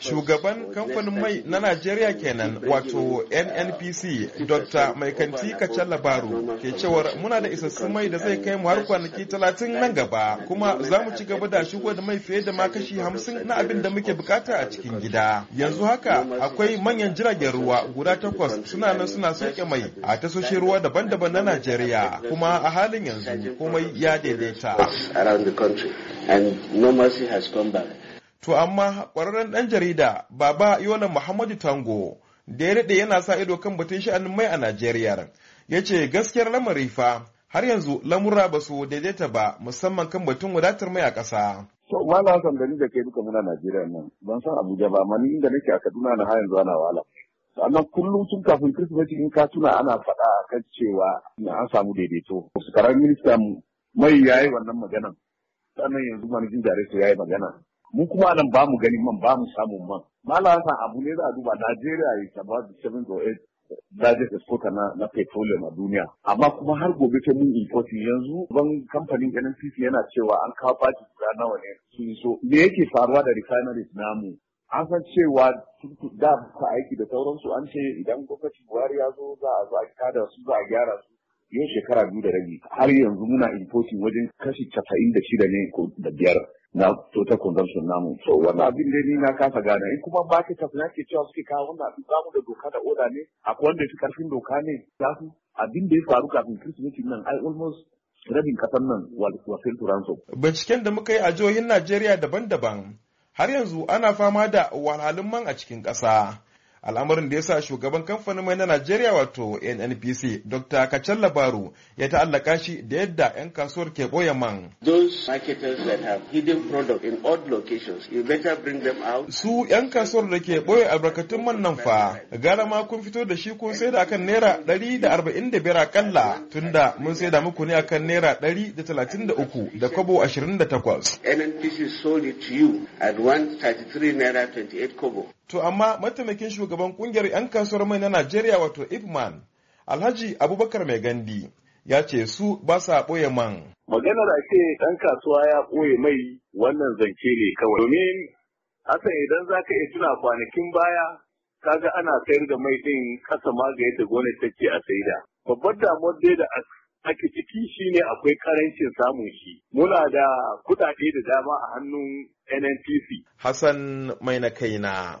Shugaban kamfanin mai na Najeriya kenan wato uh, NNPC Dr. Maikanti Kacal Labaru ke cewar muna da isassun mai da zai kai mu har kwanaki talatin nan gaba kuma za mu ci gaba da shigo da mai fiye da makashi hamsin na abin da muke bukata a cikin gida. Yanzu haka akwai manyan jiragen ruwa guda takwas suna nan suna sauke mai a tasoshin ruwa daban-daban na Najeriya kuma a halin yanzu komai ya daidaita. and mercy has come back. To amma ƙwararren ɗan jarida Baba Yona Muhammadu Tango da ya daɗe yana sa ido kan batun sha'anin mai a Najeriya ya ce gaskiyar lamari fa har yanzu lamura ba su daidaita ba musamman kan batun wadatar mai a ƙasa. To wala san ni da kai duka muna Najeriya nan ban san Abuja ba amma ni inda nake a Kaduna na har yanzu ana wala. sannan kullum tun kafin kirsimeti in ka tuna ana faɗa kan cewa an samu daidaito. Karar minista mai ya yi wannan maganan sannan yanzu manajin director ya yi magana mu kuma nan ba mu gani man ba mu samun man malam san abu ne za a duba najeriya ta ba da seven or eight largest exporter na, na petroleum a duniya amma kuma har gobe ta mun importing yanzu ban kamfanin nnpc yana cewa an kawo baki guda nawa ne sun so me yake faruwa da refineries namu an san cewa da ba aiki da sauransu an ce idan gwamnati buhari ya zo za a zo a kada su za a gyara su yau shekara biyu da rabi har yanzu muna importing wajen kashi casa'in da shida ne da biyar na total consumption namu so wannan abin da ni na kasa gane in kuma ba ta tafiya ke cewa suke kawo wannan abin zamu da doka da oda ne akwai wanda fi karfin doka ne za su abin da ya faru kafin kirsimeti nan ai almost rabin kasan nan wasil ransom. binciken da muka yi a jihohin najeriya daban-daban har yanzu ana fama da wahalhalun man a cikin ƙasa al'amarin da ya sa shugaban kamfanin mai na Najeriya wato NNPC Dr. Kacal Labaru ya ta'allaka shi da yadda 'yan kasuwar ke ɓoye man. Su 'yan kasuwar da ke ɓoye albarkatun man nan fa gara ma kun fito da shi kun sai da akan naira ɗari da arba'in da biyar akalla tunda mun sai da muku ne akan naira ɗari da talatin da uku da kwabo ashirin da takwas. NNPC sold it to you 28 To amma mataimakin shugaban kungiyar 'yan kasuwar mai na Najeriya wato Ipman, Alhaji Abubakar Mai Gandi, ya ce su ba sa ɓoye man. Maganar a ce ɗan kasuwa ya ɓoye mai wannan zance ne kawai. Domin Hassan idan za ka iya tuna kwanakin baya kaga ana sayar da mai ɗin kasa ma ga yadda gwamnati take a saida. Babbar damuwar dai da ake ciki shine akwai karancin samun shi. Muna da kuɗaɗe da dama a hannun NNPC. Hassan mai na kaina.